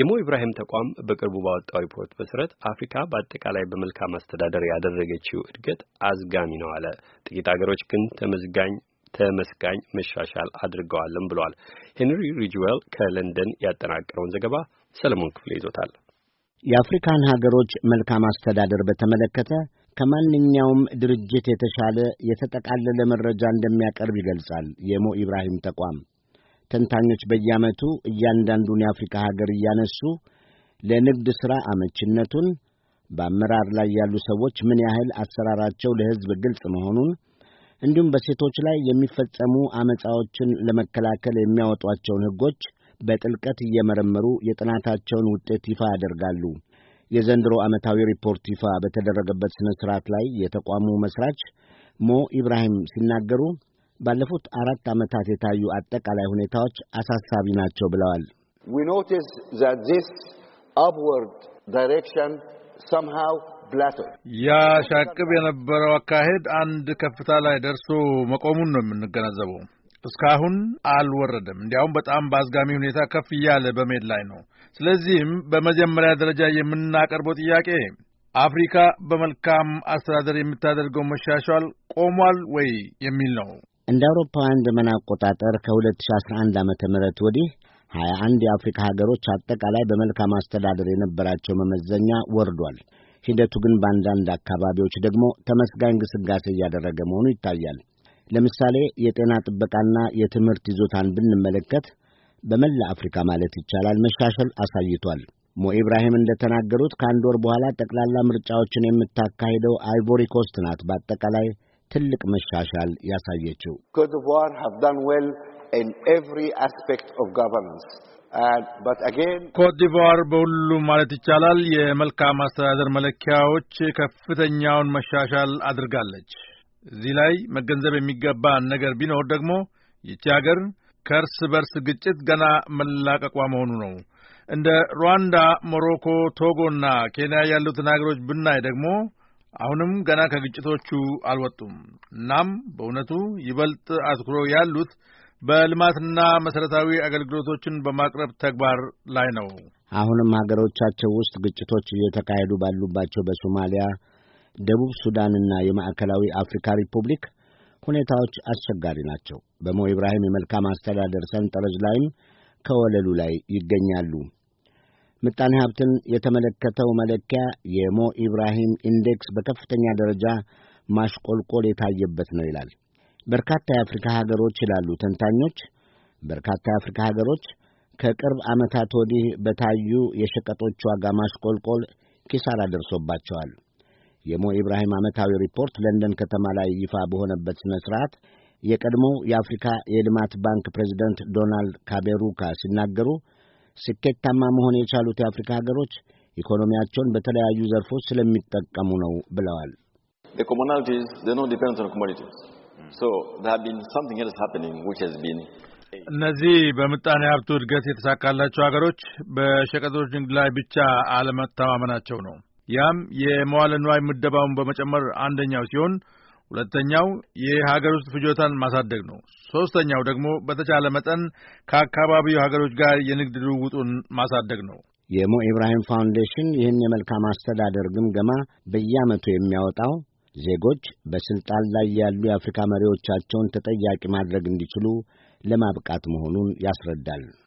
የሞ ኢብራሂም ተቋም በቅርቡ ባወጣው ሪፖርት መሰረት አፍሪካ በአጠቃላይ በመልካም አስተዳደር ያደረገችው እድገት አዝጋሚ ነው አለ። ጥቂት አገሮች ግን ተመዝጋኝ ተመስጋኝ መሻሻል አድርገዋልም ብሏል። ሄንሪ ሪጅዌል ከለንደን ያጠናቀረውን ዘገባ ሰለሞን ክፍሌ ይዞታል። የአፍሪካን ሀገሮች መልካም አስተዳደር በተመለከተ ከማንኛውም ድርጅት የተሻለ የተጠቃለለ መረጃ እንደሚያቀርብ ይገልጻል የሞ ኢብራሂም ተቋም። ተንታኞች በየዓመቱ እያንዳንዱን የአፍሪካ ሀገር እያነሱ ለንግድ ሥራ አመችነቱን፣ በአመራር ላይ ያሉ ሰዎች ምን ያህል አሰራራቸው ለሕዝብ ግልጽ መሆኑን እንዲሁም በሴቶች ላይ የሚፈጸሙ አመፃዎችን ለመከላከል የሚያወጧቸውን ሕጎች በጥልቀት እየመረመሩ የጥናታቸውን ውጤት ይፋ ያደርጋሉ። የዘንድሮ ዓመታዊ ሪፖርት ይፋ በተደረገበት ሥነ ሥርዓት ላይ የተቋሙ መሥራች ሞ ኢብራሂም ሲናገሩ ባለፉት አራት ዓመታት የታዩ አጠቃላይ ሁኔታዎች አሳሳቢ ናቸው ብለዋል። ያሻቅብ የነበረው አካሄድ አንድ ከፍታ ላይ ደርሶ መቆሙን ነው የምንገነዘበው። እስካሁን አልወረደም። እንዲያውም በጣም በአዝጋሚ ሁኔታ ከፍ እያለ በመሄድ ላይ ነው። ስለዚህም በመጀመሪያ ደረጃ የምናቀርበው ጥያቄ አፍሪካ በመልካም አስተዳደር የምታደርገው መሻሻል ቆሟል ወይ የሚል ነው። እንደ አውሮፓውያን ዘመን አቆጣጠር ከ2011 ዓ ም ወዲህ 21 የአፍሪካ ሀገሮች አጠቃላይ በመልካም አስተዳደር የነበራቸው መመዘኛ ወርዷል። ሂደቱ ግን በአንዳንድ አካባቢዎች ደግሞ ተመስጋኝ ግስጋሴ እያደረገ መሆኑ ይታያል። ለምሳሌ የጤና ጥበቃና የትምህርት ይዞታን ብንመለከት በመላ አፍሪካ ማለት ይቻላል መሻሻል አሳይቷል። ሞ ኢብራሂም እንደተናገሩት ከአንድ ወር በኋላ ጠቅላላ ምርጫዎችን የምታካሂደው አይቮሪ ኮስት ናት። በአጠቃላይ ትልቅ መሻሻል ያሳየችው። ኮትዲቯር በሁሉም ማለት ይቻላል የመልካም አስተዳደር መለኪያዎች ከፍተኛውን መሻሻል አድርጋለች። እዚህ ላይ መገንዘብ የሚገባ ነገር ቢኖር ደግሞ ይቺ ሀገር ከእርስ በርስ ግጭት ገና መላቀቋ መሆኑ ነው። እንደ ሩዋንዳ፣ ሞሮኮ፣ ቶጎና ኬንያ ያሉትን ሀገሮች ብናይ ደግሞ አሁንም ገና ከግጭቶቹ አልወጡም። እናም በእውነቱ ይበልጥ አትኩረው ያሉት በልማትና መሠረታዊ አገልግሎቶችን በማቅረብ ተግባር ላይ ነው። አሁንም አገሮቻቸው ውስጥ ግጭቶች እየተካሄዱ ባሉባቸው በሶማሊያ፣ ደቡብ ሱዳንና የማዕከላዊ አፍሪካ ሪፑብሊክ ሁኔታዎች አስቸጋሪ ናቸው። በሞ ኢብራሂም የመልካም አስተዳደር ሰንጠረዥ ላይም ከወለሉ ላይ ይገኛሉ። ምጣኔ ሀብትን የተመለከተው መለኪያ የሞ ኢብራሂም ኢንዴክስ በከፍተኛ ደረጃ ማሽቆልቆል የታየበት ነው ይላል። በርካታ የአፍሪካ ሀገሮች ይላሉ ተንታኞች፣ በርካታ የአፍሪካ ሀገሮች ከቅርብ ዓመታት ወዲህ በታዩ የሸቀጦች ዋጋ ማሽቆልቆል ኪሳራ ደርሶባቸዋል። የሞ ኢብራሂም ዓመታዊ ሪፖርት ለንደን ከተማ ላይ ይፋ በሆነበት ሥነ ሥርዓት የቀድሞው የአፍሪካ የልማት ባንክ ፕሬዚደንት ዶናልድ ካቤሩካ ሲናገሩ ስኬታማ መሆን የቻሉት የአፍሪካ ሀገሮች ኢኮኖሚያቸውን በተለያዩ ዘርፎች ስለሚጠቀሙ ነው ብለዋል። እነዚህ በምጣኔ ሀብቱ እድገት የተሳካላቸው ሀገሮች በሸቀጦች ንግድ ላይ ብቻ አለመተማመናቸው ነው። ያም የመዋለ ንዋይ ምደባውን በመጨመር አንደኛው ሲሆን ሁለተኛው የሀገር ውስጥ ፍጆታን ማሳደግ ነው። ሶስተኛው ደግሞ በተቻለ መጠን ከአካባቢው ሀገሮች ጋር የንግድ ልውውጡን ማሳደግ ነው። የሞ ኢብራሂም ፋውንዴሽን ይህን የመልካም አስተዳደር ግምገማ በየዓመቱ የሚያወጣው ዜጎች በስልጣን ላይ ያሉ የአፍሪካ መሪዎቻቸውን ተጠያቂ ማድረግ እንዲችሉ ለማብቃት መሆኑን ያስረዳል።